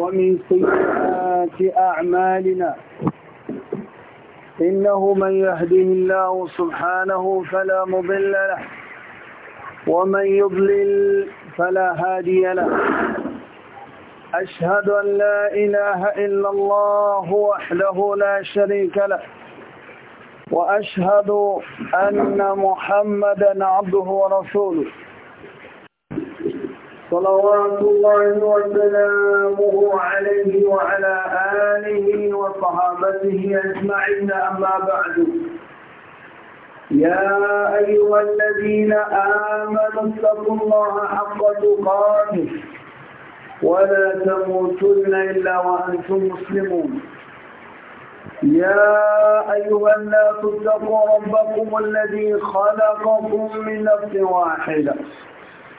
ومن سيئات أعمالنا إنه من يهده الله سبحانه فلا مضل له ومن يضلل فلا هادي له أشهد أن لا إله إلا الله وحده لا شريك له وأشهد أن محمدا عبده ورسوله صلوات الله وسلامه عليه وعلى آله وصحابته أجمعين أما بعد يا أيها الذين آمنوا اتقوا الله حق تقاته ولا تموتن إلا وأنتم مسلمون يا أيها الناس اتقوا ربكم الذي خلقكم من نفس واحدة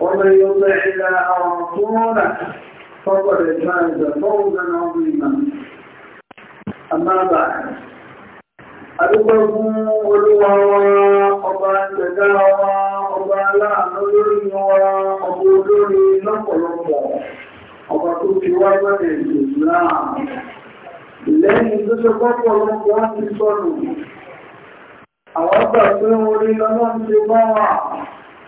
ومن يطع الله ورسوله فقد فاز فوزا عظيما أما بعد Adúgbògún olúwa wa, ọba ìjẹ̀dá wa, ọba aláàánú lórí wa, ọba olórí lọ́pọ̀lọpọ̀, ọba tó fi wá gbọ́dẹ̀ ìsìláà. Lẹ́yìn tó ṣe pọ́pọ̀lọpọ̀ wọ́n ti sọ́nù, àwọn ọgbà pé orí lọ́nà ti bá wà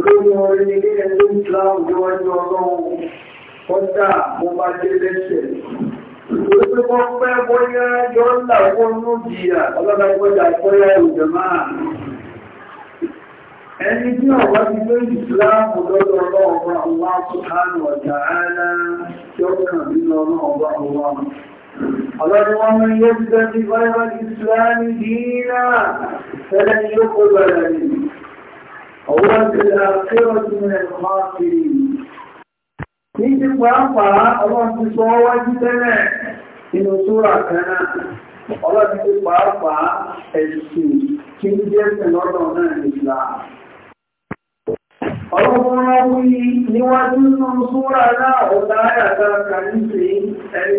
olórí orí ẹni ìsìláàmù ọjọ́ ọlọ́run kọ́dá mo bá jẹ́ lẹ́sẹ̀ Ìgbésí kan pẹ́ bóyá yọ ń làwọn ní ìjìyà ọlọ́dá ìgbọ́jà ìpọ́yà ìrùjẹ̀ máa. Ẹni tí ọ̀wá ti lé ìsìláàmù lọ́dọ̀ ọlọ́ọ̀bá Allah Subhanahu wa ta'ala tí ó kàn nínú ọlọ́ọ̀bá Allah. Ọlọ́run wọn mú yóò ti dẹ́ هو في الآخرة من الخاسرين níbi pàápàá ọlọ́run ti sọ wájú tẹ́lẹ̀ inú súra kanáà ọlọ́run ti pàápàá ẹ̀sùn kí ń jẹ́ ìlọ́dọ̀ náà nìlá ọlọ́run rọ́wú níwájú inú súra náà ọ̀dá àyàtà kàníṣe ẹni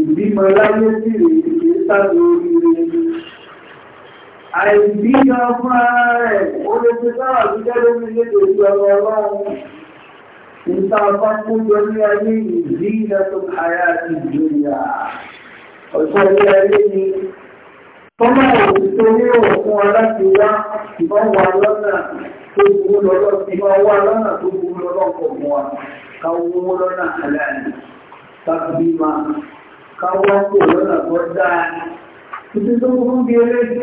ìbímọ láyé sí ìrìnlẹ̀ sáàbò oríire àìbímọ fún ara rẹ̀ ó lè fi sára gbígbẹ́ lórí lédè ìlú ọmọ ọlọ́run nípa àpapọ̀jọ ní ayé ìdí ìlẹ́tò àyà àti ìjòyà ọ̀sẹ̀ ní ayé ni tọ́lá òṣìṣẹ́ ní òkun aláti wá ìbọn wà tó burú lọ́lọ́ ìbọn wà tó burú lọ́lọ́ kọ̀ọ̀kan wa káwọn lọ́nà àlàyé tàbí máa káwọ́ kò lọ́nà tó dáa ní títí tó kún bí eléjì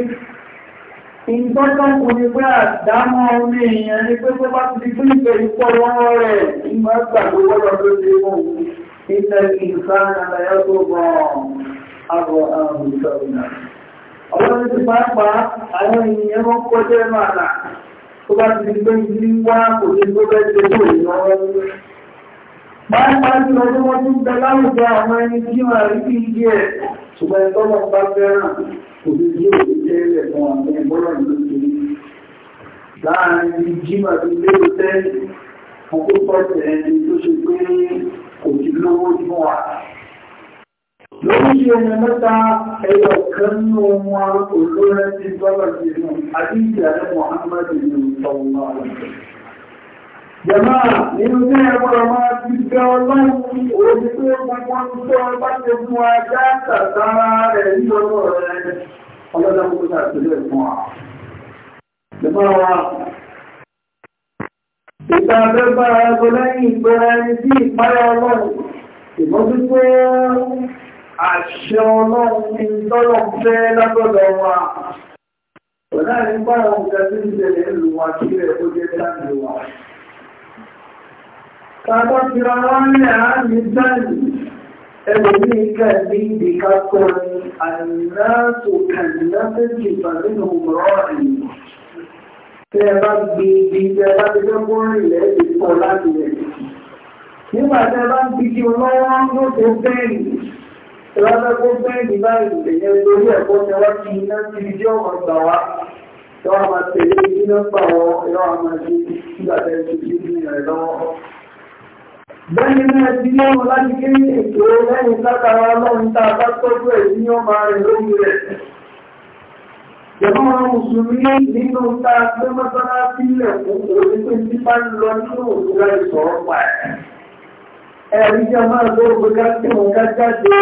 ìgbọ́tọ̀ kò ní pé àdámọ́ omi èèyàn ní pé tó bá ti di fún ìfẹ́ ìpọ̀ lọ́wọ́ rẹ̀ ìmọ̀ gbàgbé wọ́lọ́ tó ti mú ilẹ̀ ìsán àlàyé tó bọ̀ àbọ̀ àrùn ìṣọ̀rìnà ọlọ́run ti pàápàá àwọn èèyàn wọ́n kọjá ẹnu àlà Pàápàá jùlọ tí wọ́n ti ń bẹ láwùjọ àwọn ẹni tí wà rí bí ìdí ẹ̀ ṣùgbọ́n ìtọ́lọ̀ bá fẹ́ràn kò ní tí ó jẹ́ ilẹ̀ fún àwọn ẹgbọ́rọ̀ ìlúkiri. Láàárín jímà tó lérò tẹ́lì, wọ́n tó pọ̀tẹ̀ ẹni tó ṣe pé kò ti lówó ní wà. Lóríṣi ẹni mẹ́ta ẹyọ kan ní ohun arúgbó Jẹ̀má nínú ní ẹgbọ́n máa ti gbẹ́ ọlọ́run òní tó gbogbo ń tó ọba tó fún ajá tàtàrà rẹ̀ ní ọjọ́ rẹ̀ ọlọ́dá kó sàtìlẹ̀ fún wa. Jẹ̀má wa, ìta abẹ́ bára ẹgbẹ́ lẹ́yìn ìgbẹ́ra ẹni sí ìpáyà ọlọ́run, ìmọ́jútó àṣẹ ọlọ́run ní tọ́lọ̀ fẹ́ lágbọ́dọ̀ wa. Ọ̀dá ìpáyà ọ̀gá tí ń jẹ̀lẹ̀ ìlú wa kí rẹ̀ ó jẹ́ sáà Tàbá ti ra wọ́n ní àárín bẹ́ẹ̀lì, ẹgbẹ̀ ní ikẹ́ ní ìdíká kọrin àìláàtò kàìláàtẹ́jì pàdé òmùrọ̀ ìlú. Tẹ́ ẹ bá gbé ibi tẹ́ bá ti fẹ́ kọrin ilẹ̀ ti pọ̀ láti rẹ̀. Nígbà tẹ́ bá ń bíkí ọlọ́wọ́ yóò di ọ̀rọ̀ gbà wá. Tẹ́ wá máa tẹ̀lé iná pàwọ́ ẹ̀rọ àmàṣe nígbà tẹ́ lẹ́yìn náà ti ní ọmọ láti kí ètò lẹ́yìn látara ọlọ́run tá a bá tọ́jú ẹ̀ ní ọmọ rẹ̀ lórí rẹ̀ jẹmọ́ mùsùlùmí nínú tá a gbé mọ́sánà sílẹ̀ fún onípe tí bá ń lọ nínú òṣùlá ìsọ̀rọ̀ pa ẹ̀ ẹ̀rí jẹ́ máa tó gbé ká tí ká jáde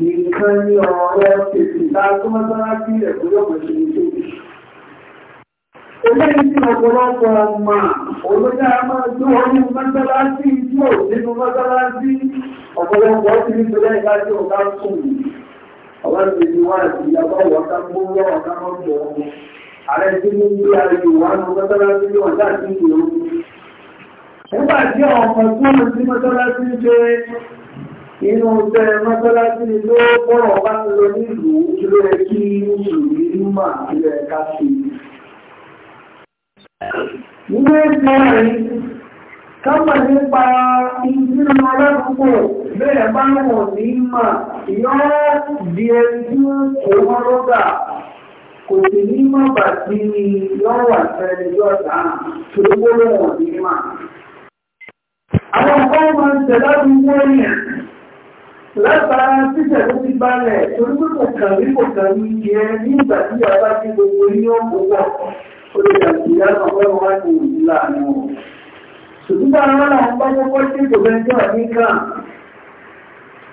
nìkan ní ọ̀rọ̀ tètè tá a gbé mọ́sánà sílẹ̀ fún yọ̀pọ̀ Eléyìí ọ̀pọ̀lọpọ̀ ọmọ olóyá máa tó ọdún mọ́sálásí tí ó nínú mọ́sálásí ọ̀pọ̀lọpọ̀ ti ní tó lẹ́yìn láti ọ̀gá sùn. Àwọn ìgbèjì wá àti ìyàbọ̀ wọ̀ta gbówó ọ̀gá mọ́jọ ọmọ. Ààrẹ tí ní bí ariwo wá ní mọ́sálásí ní ọ̀dá sí ìlú. Nígbà tí ọmọ tó ń sí mọ́sálásí ṣe inú ọjọ́ mọ́sálásí ló Ilé ìpínlẹ̀ kápà nípa ìdí ọlọ́pùpù bẹ́ẹ̀ bá wọ̀n ní mà yóò di ẹni tí ó kò sì ní mọ́ bà ni yóò wà fẹ́rẹ̀ títẹ̀ tó ti balẹ̀ torí pé kò kò kàn jẹ nígbà àbájú gbogbo ní ọ̀pọ̀ olórí àtìyá náà wọ́n wá ní òjì láàrin wọn ṣùgbọ́n àwọn àwọn bá kọ́kọ́ sí ìgbòmẹ́jọ́ níkà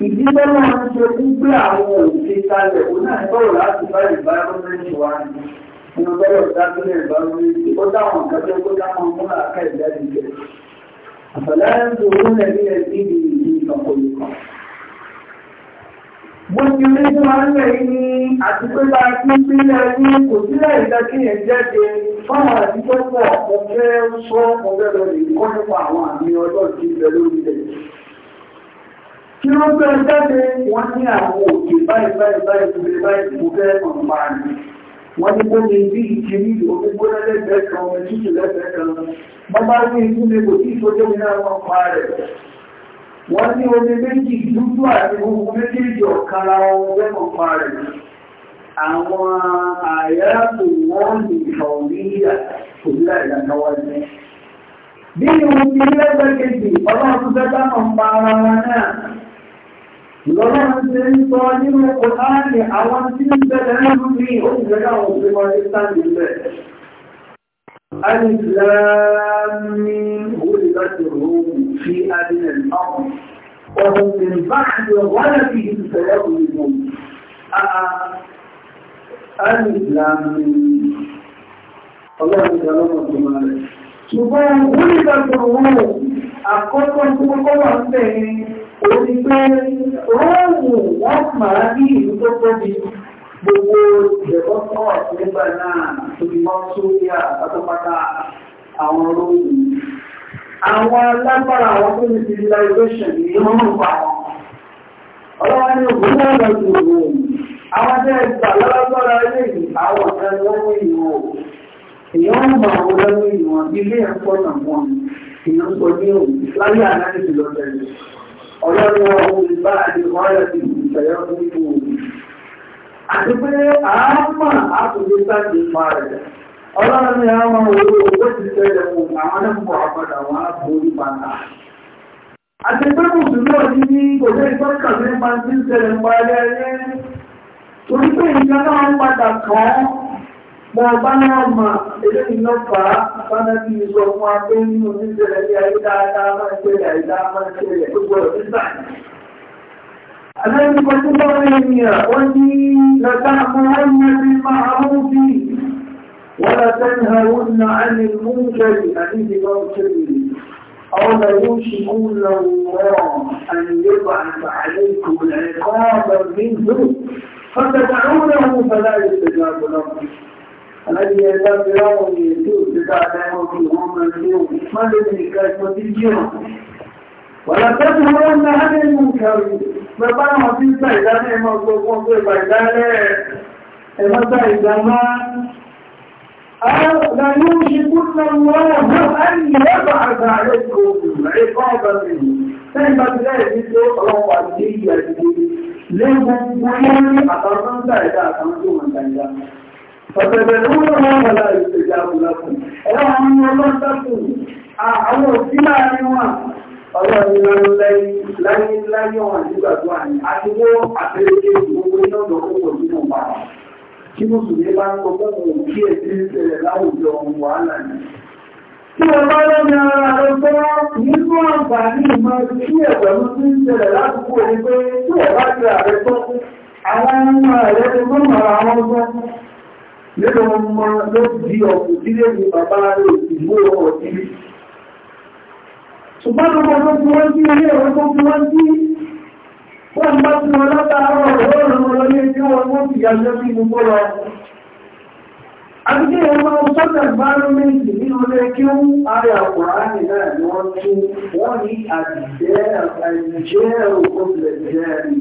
ìdílé náà ń ṣe ń gbé àwọn òṣìṣẹ́ kalẹ̀ òun náà bọ̀rọ̀ láti bá ìbáraẹnìmẹ́ntì wa ní inú bọ́rọ̀ dákúlẹ̀ ìbáraẹnìmẹ́ntì ó dáwọn ìdájọ́ kó dáwọn múlá àká ìdájọ́ jẹ àfàlẹ́ ń tó rúnlẹ̀ nílẹ̀ bíbí ìdí ìkàkọ̀yọ̀kan Mo ti rí tí máa ń lẹ̀ ní àti pé bá kí sílẹ̀ ní kò sílẹ̀ ìdákíyàn jáde fáwọn àdúgbò pọ̀ mo fẹ́ sọ ọ̀rẹ́ lọ lè kọ́ nípa àwọn àmì ọjọ́ ti bẹ lórí rẹ̀. Kí ló fẹ́ jáde wọ́n ní àwọn òkè báyìí báyìí báyìí tó lè báyìí mo fẹ́ ọ̀pá ni. Wọ́n ní kó mi bí ìkí ní ìlú gbígbóná lẹ́gbẹ̀ẹ́ kan, omi tútù lẹ́gbẹ̀ẹ́ kan. Mo bá rí inú mi kò tí ìfojúmi náà wọ́n pa rẹ̀ wọ́n ní omi méjì dúdú àti gbogbo méjèèjì ọ̀kára ohun lẹ́kọ̀ọ́ pa rẹ̀ àwọn àyàtò wọ́n lè ṣàwòríyà kò ní àìdákáwájú bí ohun ti lẹ́gbẹ̀kejì ọlọ́run fẹ́ dámọ̀ pa ara wọn náà lọ́lọ́run ti ń sọ nínú kòtáàlì àwọn tí ń bẹ̀rẹ̀ nínú ní òṣìṣẹ́ àwọn òṣìṣẹ́ كثرة الروم في أدنى الأرض وهم من بعد غلبهم سيغلبون الإسلام الله تعالى وسلم ṣùgbọ́n wíìdà tòun àkọ́kọ́ tó kọ́kọ́ wà ń bẹ̀ ni òní pé róòmù wọ́n máa ní ìlú tó tóbi gbogbo ìjẹ̀bọ́ fún ọ̀sẹ̀ nígbà náà tó fi mọ́ sórí àpátápátá àwọn róòmù àwọn alágbára àwọn tó ní civilization ní ọmọ pa ọlọ́wọ́ ní ògùn náà lọ sí ògùn àwọn jẹ́ ìgbà lọ́lọ́gbọ́ra ilé àwọn ọ̀sán lọ́wọ́ ìwọ̀ èèyàn ń mọ àwọn lọ́wọ́ ìwọ̀ ilé ẹ̀kọ́ náà wọn èèyàn sọ ní òun láyé àdáyébì lọ́tẹ̀lẹ̀ ọlọ́run ọ̀hún ìbá àti ọ̀rẹ́ ti ìṣẹ̀yọ́ fún ìwọ̀ àti pé àámà ọlọ́run ni àwọn òwúrò owó ti tẹ́lẹ̀ wò àwọn ẹ̀kọ́ àpadà wọn á borí bàtà. àti pé mùsùlùmí ní kò dé ìtọ́ka sí ń máa ti ń tẹ̀lẹ̀ ń parí ayé torí pé ìjọ náà ń padà kàn án mọ ọba náà mà eléyìí náà fà á báná bí i sọ fún abé nínú níṣẹ̀lẹ̀ ní ayé dáadáa máa ń tẹ̀lẹ̀ àìdá máa ń tẹ̀lẹ̀ tó gbọ́dọ̀ Àlẹ́ ìgbọ́n tó bá rí ènìyàn, wọ́n ní lọ́tà mọ́ ọ́n mẹ́rin máa ń bí ولا تنهون عن المنكر حديث إمام أو لا يوشكون الله أن يبعث عليكم العقاب منه فتدعونه فلا يستجاب لكم الذي يذهب يوم يسوع تتعلم في هم اليوم ما الذي كانت تجيهم ولا تنهون عن المنكر فقال ما في سيدنا ما الصوفون في بيدانه إذا سيدنا لا يوشكن الله أن يبعث عليكم عقابا Sẹ́yìnbá ti lẹ́yìn ní tí ó ọlọ́pàá ní ìyà ìdílé léwu wọ́n ní àtàwọn dáìdá àtàwọn tó wọ́n dáìdá. Ọ̀sẹ̀bẹ̀ ló wọ́n wọ́n wọ́n láì ṣèjá ọ̀lọ́pùn. Ẹ̀rọ àwọn ọmọ ọlọ́pàá àwọn òsì láàrin wọn ọlọ́run láyé láyé wọn àti gbàgbọ́ àyè àti wọ́n àtẹ́lẹ́kẹ́ gbogbo iná lọ́kọ̀ọ́ nínú bàbá kí mo sì ní bá ń kọ́kọ́ mọ̀ kí ẹ̀ sí ìṣẹ̀lẹ̀ láwùjọ wàhálà ni. Tí wọ́n bá lọ́nà ara rẹ̀ pé nínú àǹfààní ìmọ̀ sí ẹ̀pẹ̀lú sí ìṣẹ̀lẹ̀ lásìkò ní pé tí wọ́n bá ti ààrẹ tọ́ àwọn ọmọ rẹ̀ ti tó mọ̀ àwọn ọmọ nínú ọmọ ló di ọ̀pọ̀ sílé ní bàbá rẹ̀ ìlú ọ̀dí. Ṣùgbọ́n gbogbo tó fi wọ́n sí ilé ẹ̀rọ tó fi wọ́n sí wọ́n bá tí wọ́n látàárọ̀ lọ́rùn lọ ní ẹjọ́ wọn wọ́n ti yàjọ́ bí gbogbo lọ. Àdúgbò yẹn máa ń sọ́jà ìbárómẹ́ǹtì nínú ilé kí ó ààrẹ àkùránì náà ni wọ́n tún wọ́n ní àdìjẹ́ àìjẹ́ òkúlẹ̀ jẹ́ rí.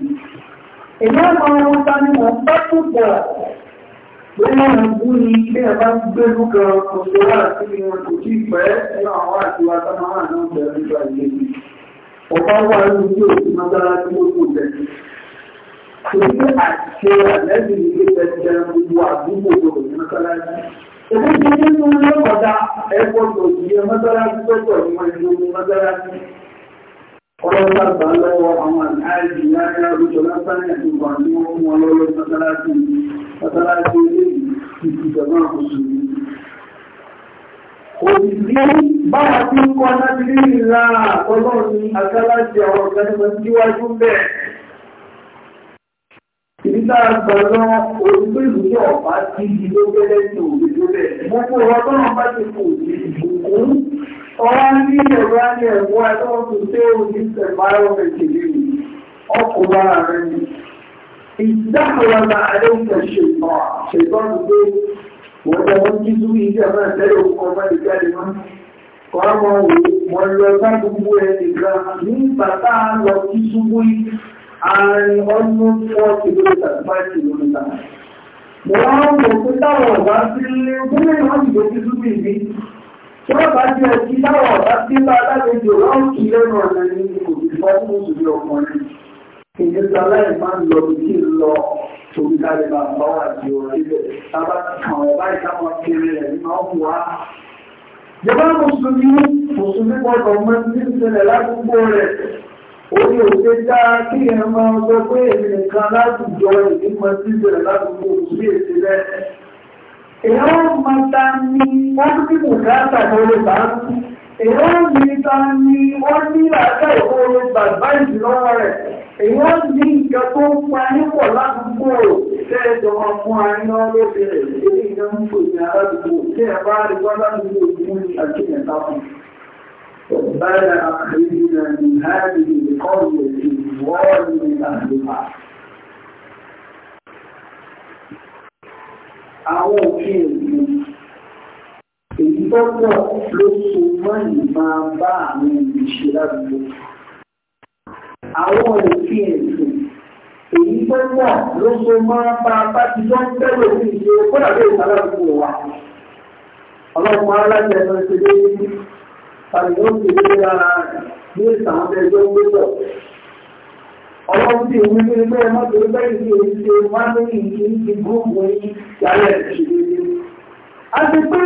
Ìyá máa ń ta ni wọ́n bá púpọ̀ lẹ́yìn ìbú ni ilé ẹ̀bá gbé lúkan kò sọ́wọ́ àti ìwọ̀n kò tí pẹ́ nínú àwọn àtiwá táwọn náà bẹ̀rẹ̀ ọ̀pá wà ní ilé òkú mọ́tàlá tí ó kò jẹ́. àṣẹ ilé gbogbo àdúgbò ti ní ẹ̀kọ́ yẹ tí ó pọ̀ gbà lọ́wọ́ àwọn láti àrùjọ bára tí ń kọ́ láti rí ìlà ọlọ́run agbáláṣẹ àwọn ọ̀gbẹ́nìmọ̀ tí wájú bẹ̀. Ìdíta gbọ́dọ̀ orúkọ ìlúdí ọ̀pá ti di ló gẹ́lẹ́ tí òwe ló bẹ̀. Gbogbo ọlọ́run bá ti kò sí ìbùkún. Ọwá ní ẹ̀rọ ní ẹ̀wọ́ ẹlọ́run tó ní sẹ̀máyọ̀mẹ̀ tèlé ọkùnrin ara rẹ̀ ni. Ìdáhùwàlà àdéhùn ṣètọ́ ṣètọ́ ni pé wọ́n jẹ́ wọ́n jí ọmọ òwe wọ́n lọ bá gbogbo ẹ̀ nìkan nígbà tá a lọ sí ṣubú yìí àárín ọdún four kìlómítà five kìlómítà. mo wá ń wò pé táwọn ọ̀gá sí ilé gómìnà wọ́n ti gbé sí ṣubú yìí tí wọ́n bá jẹ́ ẹtí táwọn ọ̀gá sí bá alágbèjò wọ́n kì í lẹ́nu ọ̀nà ní kò sì fọ́ fún òṣèlú ọkùnrin. ìjọba aláì bàbá wà ju ọ̀rẹ́ bẹ̀ kàn ọ̀ báyìí táwọn rẹ̀ nínú ọ̀pọ̀ Jọba Mùsùlùmí, Mùsùlùmí gbọ́dọ̀ mọ́ ní ìṣẹ̀lẹ̀ lágbogbo rẹ̀. Ó ní òṣè dá kí ẹ máa sọ pé èmi nìkan láwùjọ ìdímọ̀ sí ìṣẹ̀lẹ̀ lágbogbo òṣì èsì rẹ̀. Èèyàn máa ta ní wọ́n tí mùkátà lórí bá ń èèyàn ní ta ni wọ́n ní àjá ìkóró gbàgbá ìdílọ́wọ́ rẹ̀ èèyàn ní nǹkan tó ń pa nípọ̀ ládùúgbò tẹ́ẹ̀jọ fún àìyàn lóde rẹ̀ lórí ìjọ ń pè ní aládùúgbò tí ẹ bá rí wọ́n ládùúgbò ìgbìmọ̀ ní àkíyẹ̀ta fún بل أخرجنا من هذه àwọn òfin ìlú èyí tó pọ̀ ló so mọ́ ìmáa bá àwọn ìṣe ládùúgbò àwọn òfin ẹ̀sìn èyí tó pọ̀ ló so mọ́ bá bá ti lọ́ tẹ́lẹ̀ òfin ìṣe kódà ló ìgbà ládùúgbò wa ọlọ́run aláṣẹ ẹ̀sán ṣe dé tàbí ó ṣe dé lára ní ìsàwọn ẹjọ́ gbé pọ̀ ọlọ́run tí òun ní ilé ẹ̀mọ́ bẹ́ẹ̀ ní èyí ṣe wá lórí ìdí gúrùmù yìí yálẹ̀ ìṣèlérí. a pé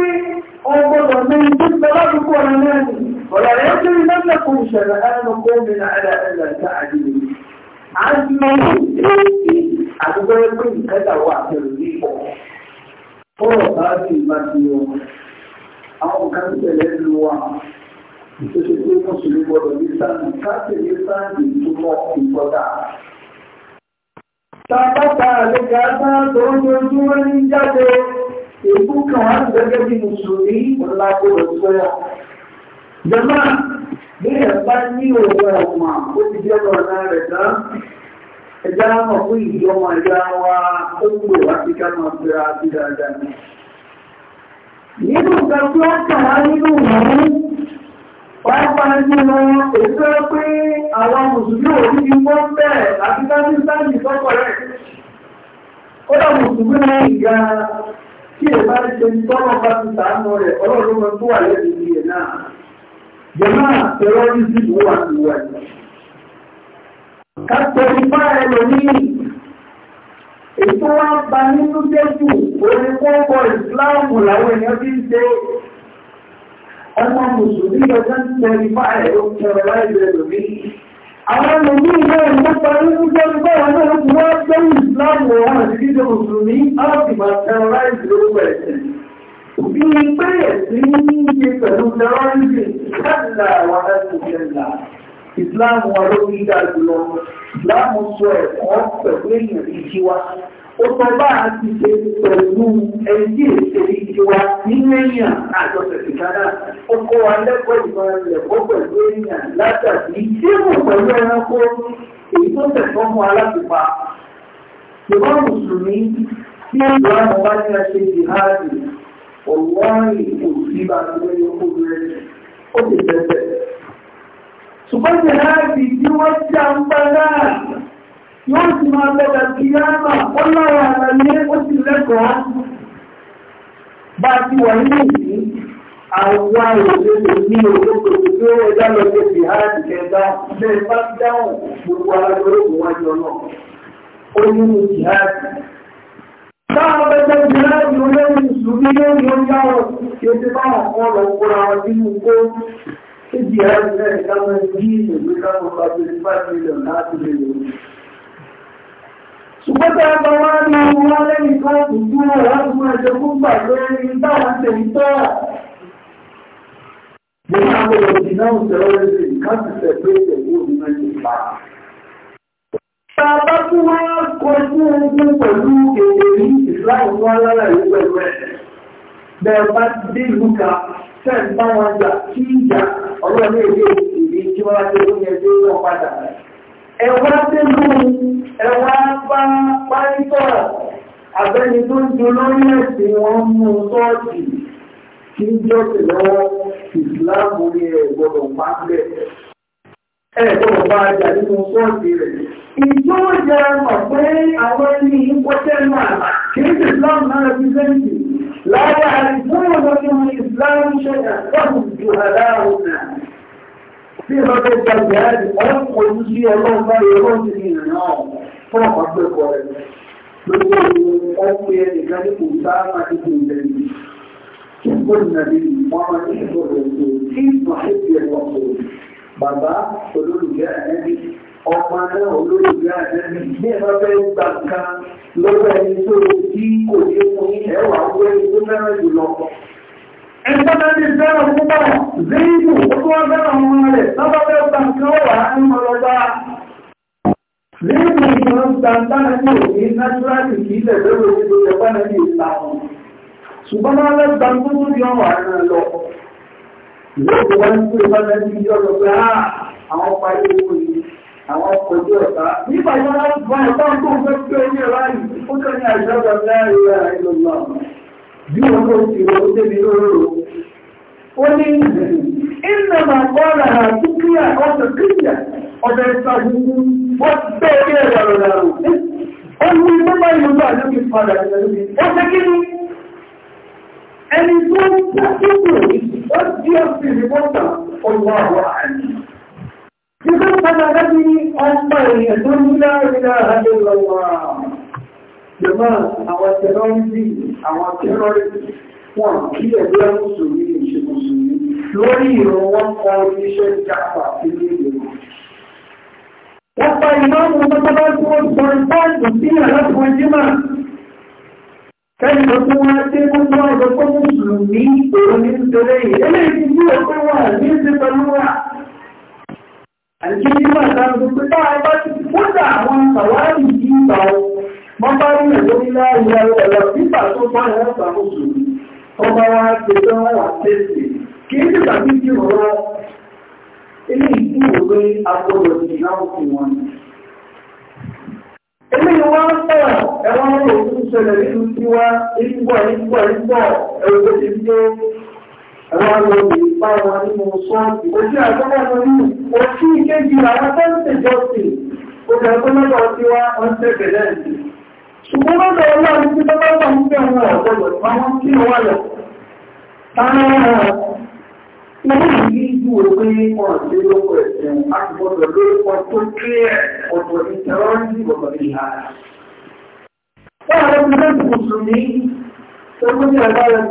ọgbọ́dọ̀ ní ìdíje ládùúgbò rẹ̀ náà ni ọ̀rọ̀ rẹ̀ ó kéré lọ́sẹ̀kùn ìṣẹ̀lẹ̀ ẹnu kó mi ní àdá ẹ̀lẹ̀ ẹ̀ta àdìyẹ. a ń lọ sí èyí àdúgbò pé ìkẹta wà pẹ̀lú ní ìpọ̀ fọ́rọ̀ tó ṣe pé mùsùlùmí gbọdọ̀ ní sáàmì sáàmì ìtumọ̀ ìgbọ́dà Tàbátà àlejò àtàtò ní jáde gẹ́gẹ́ bí mùsùlùmí ńlá tó lọ sọ́yà. Jọba bí ẹ̀ bá ní òwe ọ̀mà ó ti jẹ́ ọ̀nà rẹ̀ tán. Ẹja mọ̀ fún ìjọba ìyá wa ó gbò láti ká máa fẹ́ra sí dáadáa. Nínú nǹkan tí wọ́n kà á nínú ìlú, pàápàá nínú èso pé àwọn mùsùlùmí ò ní wọ́n bẹ̀rẹ̀ àti káfíńsáàmì sọ́kọ̀ rẹ̀. Ó dà mùsùlùmí ìgbà kí ẹ bá ṣe tọ́lọ̀ bá ti sàánú rẹ̀ ọlọ́run tó wà lẹ́nu ní ẹ̀ náà jẹ́mọ́ tẹ́rọ́rìsì ló wà ní wà ní. kàtọ́ ipá ẹlòmíì ètò wa ba nínú jẹ́jù orí kọ́kọ́ ìsìláàmù làwọn èèyàn ti ń ṣe ọmọ mùsùlùmí ọjọ́ ń tẹ ipá ẹ̀ ó tẹ̀rọ láì àwọn ẹlòmí náà nípa nígbẹ́ báwọn náà ti wá gbẹ́rù ìsìláàmù wọn àti jíjẹ mùsùlùmí áàbì máa terrorize lórí ẹ̀sìn bí i pé ẹ̀sìn ní iye pẹ̀lú terrorism ìsìláàmù àwọn ẹ̀sìn ìṣẹ̀lá ìsìláàmù wọn ló ń dá jùlọ ìsìláàmù sọ ẹ̀kọ́ pẹ̀lú èèyàn ìṣíwá Ọ̀tọ̀ bá a ti ṣe pẹ̀lú ẹjí èṣe ìjọwa nínú èèyàn àjọṣẹ̀ ìkádà. Ọkọ wa lẹ́kọ̀ọ́ ìmọ̀ ẹ̀kọ́ pẹ̀lú èèyàn látàbí tí mò pẹ̀lú ẹranko èyí tó tẹ̀sọ́ mú alápùpá. Ìwọ́n Mùsùlùmí tí ìlú àwọn bá ní aṣe jìháàdì, Ó ti bẹ̀rẹ̀. Ṣùgbọ́n jìháàdì tí wọ́n ti à ń yóò sì máa bẹ̀rẹ̀ sí yáàmà ọlọ́rọ̀ àlàyé ó sì lẹ́kọ̀ọ́ bá ti wà nínú ìsìn àwọn òṣèlú ní olóko tí ó ẹjá lọ sí ti ara ti kẹta bẹ́ẹ̀ bá dáhùn gbogbo alágbórógún wájú ọ̀nà ó ní ní jihadi táwọn bẹ́jẹ́ jihadi olóyìn ìṣúrí lórí ọjọ́ tí ó ti bá wọn kọ́ lọ kóra wọn nínú kó tí jihadi náà káwọn jí ìlú káwọn bá million láti lè lòrùn ṣùgbọ́n tí a bá wá ní wọ́n lẹ́yìn kan kò dúró láti mọ́ ẹjọ́ fún gbà lórí báwọn tẹ̀lé tọ́ Mo máa ń lọ sí náà tẹ̀lé rẹ̀ káàkiri tẹ̀lé tẹ̀lé òmìnira ìgbà. Bàbá tí wọ́n kọjú ogun pẹ̀lú èdè ní ìsìláàmù wọn lára ìlú pẹ̀lú ẹ̀. Bẹ̀rẹ̀ bá ti dé ìlú ka, fẹ́ẹ̀ bá wọn ẹwà tẹ́lú ẹwà bá pàítọ̀ àbẹ́ni tó ń jọ lórí ẹ̀sìn wọn mú sọ́ọ̀tì kí ń jọ sí lọ́wọ́ ìsìláàmù ní ẹ̀gbọ́dọ̀ pàálẹ̀ ẹ̀gbọ́dọ̀ bá jà nínú sọ́ọ̀tì rẹ̀ ìjọ jẹ́ mọ̀ pé àwọn ẹni ìpọ́tẹ́ náà kì í sí islam náà rẹpísẹ́ǹtì láwọn àìsàn ìwọ̀n islam ṣẹ̀dá sọ́ọ̀tì jù àdáhùn náà bí wọ́n tó gba ìgbàlódé ọ̀pọ̀ ojú sí ọlọ́run báyìí ọlọ́run ti ní ìrìnà ọ̀hún fún ọ̀pọ̀ àgbẹ̀kọ̀ rẹ̀ lókè ọkùnrin ẹnìkan ní kò bá máa ti fi ìlẹ̀ yìí kí n gbọ́dọ̀ nàbí wọ́n máa ní ìṣòro ètò kí ìmọ̀ ètò ẹ̀kọ́ kò bàbá olólùfẹ́ ànẹ́bí ọmọ náà olólùfẹ́ ànẹ́bí bí ẹ bá fẹ́ gbà nǹkan lọ́wọ́ ẹni tó ní fún ẹgbẹ́ta ti fẹ́ràn púpọ̀ zíìdù ó tó wọ́n fẹ́ràn ọmọ rẹ̀ lọ́pọ̀lọpọ̀ nǹkan wà ń mọ̀lọ́gbà zíìdù ìgbọ̀n gbàǹtánà ní òní náṣúrálì kì í lẹ̀ lọ́rọ̀ ìlú ẹ̀fọ́ náà ní ìta wọn ṣùgbọ́n máa lọ gbà tó tó di ọmọ àárín lọ ìlú wọn ń pè bá lẹ́nu ìjọ lọ pé á ah, àwọn parí owó yìí àwọn kọjú ọ̀tá nígbà yóò wá ẹ̀fọ́ tó fẹ́ pé bí wọ́n kó ti rọ ó débi lóró ó ní iná máa kọ́ ra àtúkíyà ọ̀sẹ̀ kíyà ọ̀dẹ̀ ìsàgbùgbù wọ́n ti tẹ́ orí ẹ̀rọ rẹ̀ rò ó ní tó bá yóò bá lókè padà lókè ó ṣe kí ni ẹni tó ń tàkùkù ó di ọ̀sẹ̀ ìrìbọ̀tà ọ̀wọ̀ àwọn àní Ìgbésẹ̀ padà láti ọmọ èèyàn tó ní láàrin àádọ́lọ́wọ́ jẹmọ́ àwọn tẹ́lọ́rìsì àwọn tẹ́lọ́rìsì wọn kí ẹgbẹ́ mùsùlùmí ìṣe mùsùlùmí lórí ìrọ̀ wọn kọ iṣẹ́ ìjàpá nínú ìlú wọ́n pa ìmọ̀mù mọ́tọ́lá tí wọ́n sọ ìpáàdù sí àlọ́pọ̀ jímà kẹ́yìn tó wá dé gbogbo ọ̀dọ́ tó mùsùlùmí òun ní ìtẹ́lẹ̀ yìí eléyìí tí ó pé wà ní ìṣe pẹ̀lú wà àti kí ní wà láti gbogbo táwọn bá ti kódà àwọn àwárí yìí bá wọn wọ́n bá rí ìlú nílá ìyá ẹ̀rọ nígbà tó bá ẹ̀rọ ìgbàmóṣù wọ́n bá wá ṣe tó wọ́n wà tẹ́sì kí ní tàbí kí wọ́n wá ilé ìdíwò pé agbọ́dọ̀ ti láwọn fún wọn. Ilé ìwá ń pọ̀ ẹ̀wọ́n ló ń ṣẹlẹ̀ nínú tí wá ìgbọ̀ ìgbọ̀ ìgbọ̀ ẹ̀rọ tó ti dé ẹ̀wọ́n ló lè bá wọn nínú sọ́ọ̀tì. Ojú àgbọ́dọ̀ ló ní ojú ìkéjì àwọn tó ń ṣèjọ́sìn. Obìnrin tó lọ́dọ̀ tí wá ń ṣùgbọ́n lọ́dọ̀ ọlọ́run tí bọ́bá wà ní àwọn ọ̀gbọ̀lọ̀ àwọn kí ó wà lọ. Táàrà ní ìlú òpin ọ̀rọ̀ lórúkọ ẹ̀sìn àti gbọ́dọ̀ lórúkọ tó kí ẹ̀ ọ̀dọ̀ ìtẹ̀rọ́rìn ọ̀dọ̀ ìhà. Láàárín mẹ́rin mùsùlùmí, ó ní ẹ̀bá rẹ̀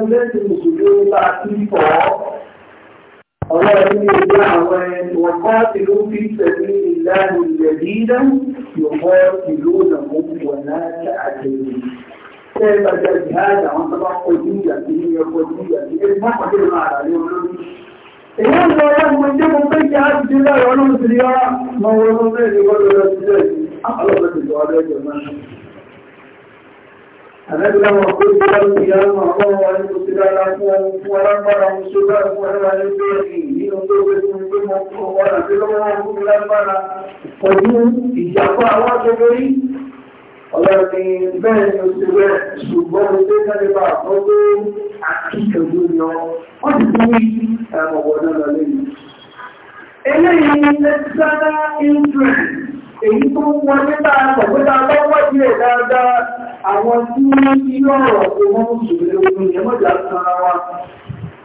mùsùlùmí bá ti pọ̀ وقاتلوا في سبيل الله الذين يقاتلونهم ولا تعتدوا كيف الجهاد عن طبع قدية هي قدية ما قدرنا على اليوم إيمان الله من جب في جهاد الله ونصر يا ما هو يقول له لا أخلصت الجهاد يا جماعة àlẹ́gbẹ̀rẹ̀ wọn kó ìgbàlú ìyáwó àkọ́wọ́ wọn ní oṣù dára fún ọmọ fún alágbára wọn ṣe bá fún alágbára ní pé ẹ̀yìn nínú tó gbé fún pé mo fún ọwọ́ àti lọ́wọ́ wọn fún alágbára ọdún ìjàpá àwọn akéwérí ọlọ́rin bẹ́ẹ̀ ni oṣù rẹ̀ ṣùgbọ́n oṣù kẹ́lẹ́ bá àkọ́ pé àkíkẹ̀wé lọ wọ́n ti fún mi ẹ̀mọ̀wọ̀ náà lẹ́yìn eléyìí ní ẹ̀sára interest èyí tó ń wọn nígbà àtẹ̀gbẹ́ta lọ́wọ́ sí ẹ̀ dáadáa àwọn tí wọ́n ti lọ́rọ̀ pé wọ́n mùsùlùmí ogun yẹn mọ̀jà sanra wa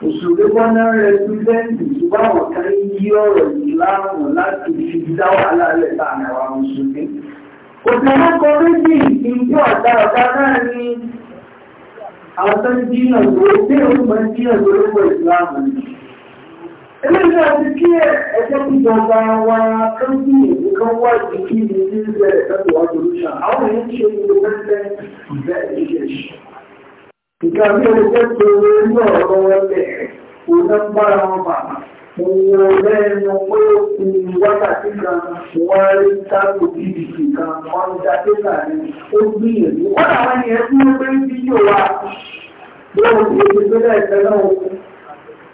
òṣèlú gbọ́nà rẹ̀ tí bẹ́ẹ̀ni ṣùgbọ́n àwọn kan yí ọ̀rọ̀ yìí láàrùn láti fi dá wàhálà lẹ̀ láàrin àwọn mùsùlùmí òṣèlú kan méjì ìjọ ọ̀dà náà ni àwọn tó ń jiyàn tó dé òun mọ̀ ń jiyàn tó eléyìí àti kí ẹjẹ́ ìjọba wa kan bí èyí kan wá ìdíkí ní ilé rẹ̀ lọ́dọ̀ wá solution àwọn èyí ṣe independent bẹ́ẹ̀ education ìgbà bí ẹni jẹ́ pé owó ní ọ̀rọ̀ ẹgbẹ́ òun ń bára wọn bàbá mo wọ lẹ́nu pé òkú wákàtí kan wọ́n rí tábù bdc kan wọ́n ń da délà ní ó gbìyànjú wọ́n àwọn ènìyàn tí wọ́n gbé ń bí yóò wá lọ́wọ́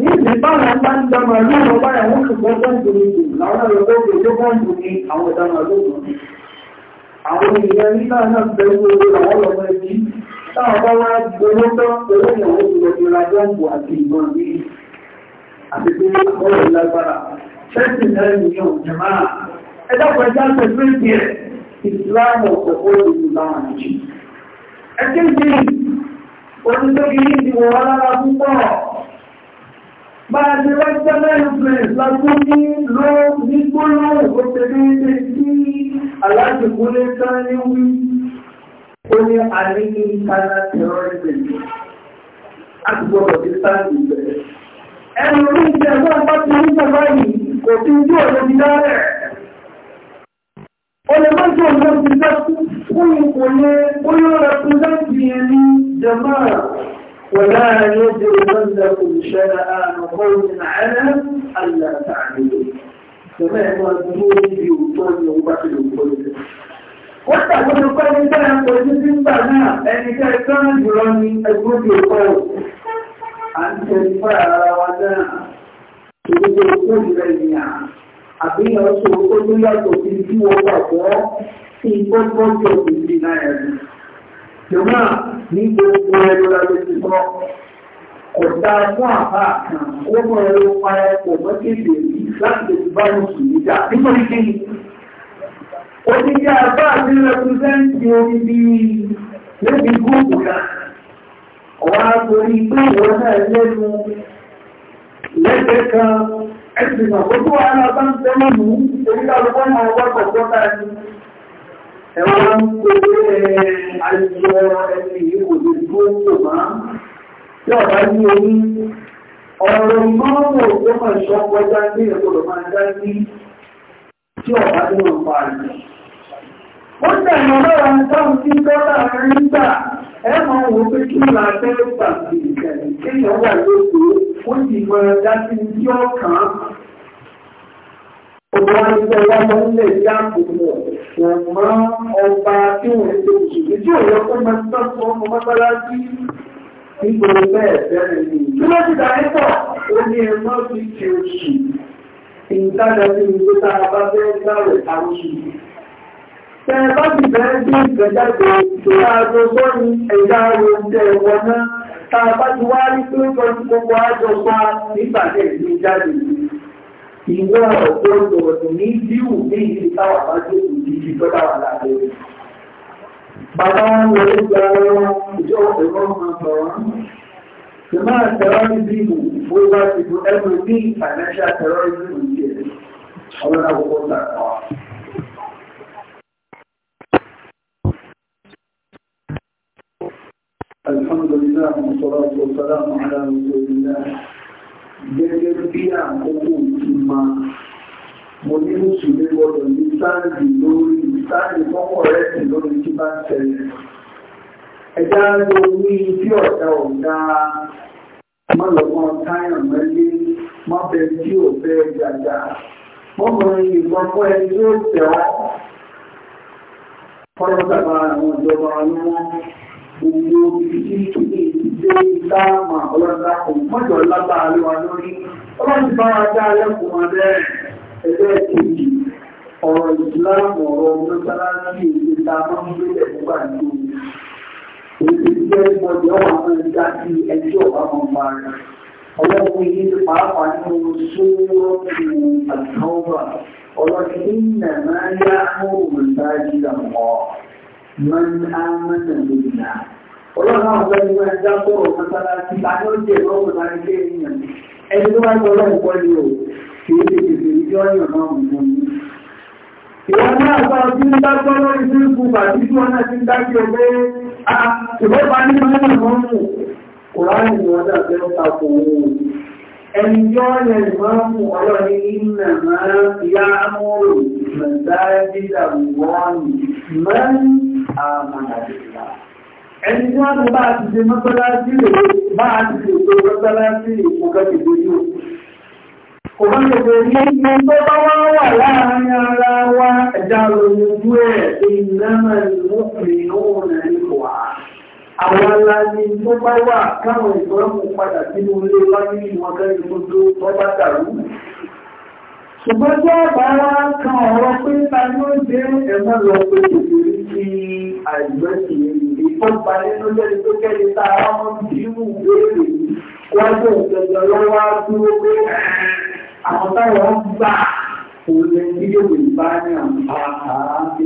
ní ìbára bá ń dá máa lóòrò báyà wọ́n kò gbọ́ bọ́ǹdù ní ìlú láwọn ọ̀rọ̀ tó tó bọ́ǹdù ní àwọn ìdámà lóòrò àwọn ènìyàn nígbà náà bẹ̀rù owó àwọn ọmọ ẹbí táwọn bá wá gbowó tán Máa ní rẹ́gbẹ́lẹ́ influence lágbó ní ló ní gbóná òṣèré ilé tí alájòkó lé tán ní wí. Ó ní àrí ní ìtara terrorism. A ti gbọ́dọ̀ sí sáàdì ìbẹ̀rẹ̀. Ẹnu orí ìjẹ́ ẹ̀fọ́ àpá ti ní ìjọba yìí kò fi ojú ọ̀rọ̀ ti dárẹ̀. Olè mọ́jú fún ìkòlé ẹni jẹ̀máà. ولا يجرمنكم شنآن قوم على ألا تعملوا كما يقولون بيوتون وبخلوا كل Wọ́n tàbí kọ́ ní bẹ́ẹ̀ pẹ̀lú tí ń bà náà ẹni jẹ́ ìtọ́nà jùlọ ní ẹgbùdì ọkọ̀ à ń tẹ̀lé fara ara wa náà ìgbùdì ọkọ̀ ìrẹ̀ ìyà àbíyàn ṣòro tó ní yàtọ̀ sí tí wọ́n gbàgbọ́ sí ìgbọ́gbọ́jọ̀ ìdí náà ẹ̀rù jọmọ́ ní gbogbo ẹlò ayé ti sọ kò dáa fún àbá kan ó mọ ẹlò pa ẹ̀kọ́ mọ́kéde yìí láti lè ti bá oṣù níjà nítorí kí ni ó ti jẹ́ àbá àti rẹpúsẹ́ǹtì orí bí níbi gúúpù kan ọ̀wá torí pé ìwọ náà lẹ́nu lẹ́gbẹ̀ẹ́ kan ẹ̀sìn àkókò alábáńtẹ́ lónìí orí àlùkò náà ẹwọ́n ń pè é ayọ ẹni yìí kò lè tó kò máa tí ọ̀rá ní orí ọ̀rọ̀ mọ́mọ̀ tó mọ̀ ṣọ́ kọjá ní ẹ̀kọ́lọ̀ máa dá sí tí ọ̀rá ní wọn pa àjọ wọ́n tẹ̀lé lọ́ra táwọn tí dọ́là ń gbà ẹ pé kí ni àtẹ́lẹ́gbà kìí kẹ̀lẹ́ kéèyàn wà lóko ó sì mọ dá sí ní ọkàn Ọgbọ́n ìjọ ọba mọ́ nílẹ̀ ìjà àkùnmọ̀ kò mọ́ ọba tí wọ́n ń tẹ̀lé ìṣòro tí òun ọkọ̀ máa ń tọ́ fún ọmọ mọ́sálásí nígboro bẹ́ẹ̀ bẹ́ẹ̀ ni. Tí wọ́n ti dà nípọ̀, ó ní ẹmọ́ fi ti oṣù. Ìtajà sí ìlú tá a bá fẹ́ gbàwẹ̀ àwòṣù. Tẹ bá sì bẹ́ẹ̀ bí ìgbẹ́jáde tó aago sọ́ni ẹ̀dá ohun tẹ náà, tá a bá ti wá rí pé ó jọ ìwọ ọ̀pọ̀ ìgbọ̀rọ̀dùn ní bíù ní ìlú táwà bá tó kù ní ibi tó dáwà láàbẹ̀ rẹ̀. Bàbá ń lọ nígbà ìjọ ìwọ máa bọ̀ wọ́n. Ìmọ̀ terrorism ó bá الحمد لله والصلاة والسلام على رسول الله gẹ́gẹ́ bí àkókò ti ma mo ní mùsùlùmí gbọdọ̀ ní sáàdì lórí sáàdì mọ́kọ̀ rẹ̀ sì lórí tí bá ń tẹ̀lé ẹ̀dá ló ní bí ọ̀dà ọ̀dà mọ́lọ́mọ́ táyà mẹ́lẹ́ mọ́bẹ̀ tí ò fẹ́ gàgà mọ́mọ́ ìbọn fún ẹni tí ó tẹ̀ ọ́ fọ́nrán sábà àwọn ìjọba ọlọ́wọ́ gbogbo ibi tí ṣe dáàmà ọlọ́dá kùn mọ́jọ̀ látàrí wa lórí ọlọ́dí bá wa dá lẹ́kùn wọn bẹ́ẹ̀ ẹgbẹ́ kejì ọ̀rọ̀ ìsìláàmù ọ̀rọ̀ mọ́sálásí èdè ta máa ń gbé ẹ̀kúgbà ní òun èdè jẹ́ ìmọ̀jọ́ àwọn ẹ̀dá sí ẹjọ́ àwọn ọmọ rẹ̀ ọlọ́run yìí pàápàá nínú sóòrùn ọlọ́run àwọn ọ̀gbẹ́ni wọn ẹja sọ̀rọ̀ mọ́sálásí àjọ́jì ìrọ́wọ̀ láti lé ènìyàn ẹni tó bá ń tọ́lọ́ ìpọ́ ni o kìí ṣe tètè ní jọ́ yàn náà mú mọ́ ní. ìwọ náà sọ tí ń dá tọ́lọ́ ìlú ìlú bàbí tí wọn náà ti ń dá sí ọgbẹ́ ah, ah, ìwọ bá ní mọ́ náà mọ́ mú kùránì ni wọ́n dà bẹ́ẹ̀ ta kò wò ẹni jọ́ yẹn mọ́ mú ọlọ́ni ìnà máa ya amúrò mẹ́ta dídà wọ́n mọ́ àmàlà ẹni tí wọ́n tó bá ti ṣe mọ́sálásí rẹ̀ bá ti ṣe tó mọ́sálásí ìfòkàtìgbò yóò kò bá lè bèèrè ní tó bá wá wà láàrin ara wa ẹ̀dá ojú ẹ̀ ìnáwó ìrìnàwó ìwà àwọn aláàrí tó bá wà káwọn ìgbọ́n padà sínú ilé wáyé ìwọ̀n kẹ́rin tó ṣùgbọ́n tí ọ̀pá kan ọ̀rọ̀ pé ta ni ó jẹ́ ẹ̀mọ́ lọ pé tètè rí sí àìgbẹ́ sí èyí tó pa nínú lẹ́ni tó kẹ́ni tá a wọ́n ti mú béèrè wájú ìjọba lọ́wọ́ á dúró pé àwọn táwọn gbà òun lẹ́ni yóò wè bá ní àǹfààní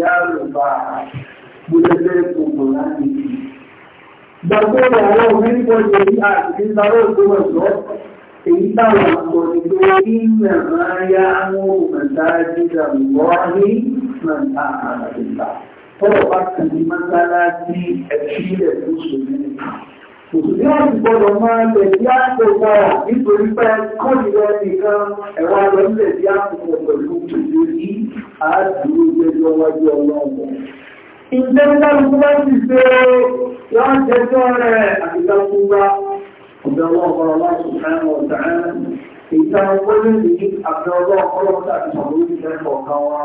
èyí táwọn ọ̀pọ̀ ní pé kí nàmá yá wọn mọ̀tàájú ìdàmọ́ ní mọ̀tà àràbìlà ọ̀rọ̀ bá kàn ní mọ́sálásí ẹ̀kílẹ̀ tó sòmí òṣèlú àti gbọ́dọ̀ máa lẹ̀ sí àpò pọ̀ nítorí pé kọ́nìyàn nìkan ẹ̀rọ alọ́lẹ̀ sí àpò pọ̀ pẹ̀lú òṣèlú ní àádùúró gbẹjọ́ wájú ọlọ́run ìjẹ́ ń dárúkú láti ṣe yọ́n jẹjọ́ rẹ̀ àti dákúrá ọ̀dọ̀ ọlọ́ọ̀kọ́ ọlọ́ọ̀kọ́ ṣáàmù ọ̀dọ̀ ààrẹ ìta ọgbọ́lẹ̀ ní àbẹ̀ ọlọ́ọ̀kọ́ ọlọ́ọ̀kọ́ àti ṣàbóyí ìfẹ́kọ̀ọ́ kan wa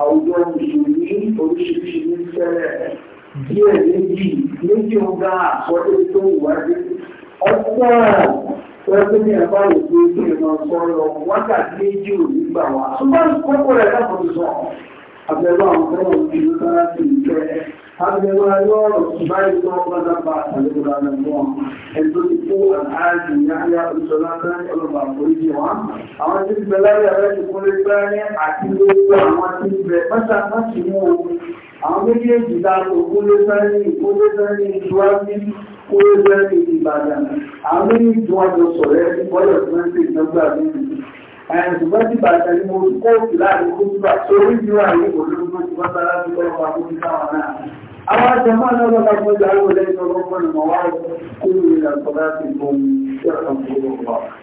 àwùjọ mùsùlùmí oríṣiríṣi ní sẹ́rẹ̀ díẹ̀ méjì méjì ọgá àsọdé tó wùwádé ọ̀pọ̀ ọdún ní ẹ̀fọ́ òkú tó ìmọ̀ sọ̀rọ̀ wákàtí méjì ò ní gbà wá ṣùgbọ́n kókó rẹ̀ lápò sọ àbẹ̀lọ́ àwọn ọmọ ìlú sára sí ìfẹ́ هذا ما يور بعد ما بدأ بعد الأولى من يوم الدكتور العادي يعني الصلاة الله بريدي وان أما تيجي بلا يا رجل كل الباني أكيد أما تيجي بس أما تيجي àwọn méjèèjì dáàbò kúlé sẹ́ni ìkúlé sẹ́ni ìtúwájú kúlé sẹ́ni ìbàdàn àwọn méjèèjì tí wọ́n jọ sọ̀rọ̀ ẹ́ bọ́lọ̀ tí wọ́n ń bá torí ìjọba yìí kò àkókò táwọn náà أما كمان لقد وجعلوا إليكم ربنا مواعظ كلوا إلى صلاتكم يرحمكم الله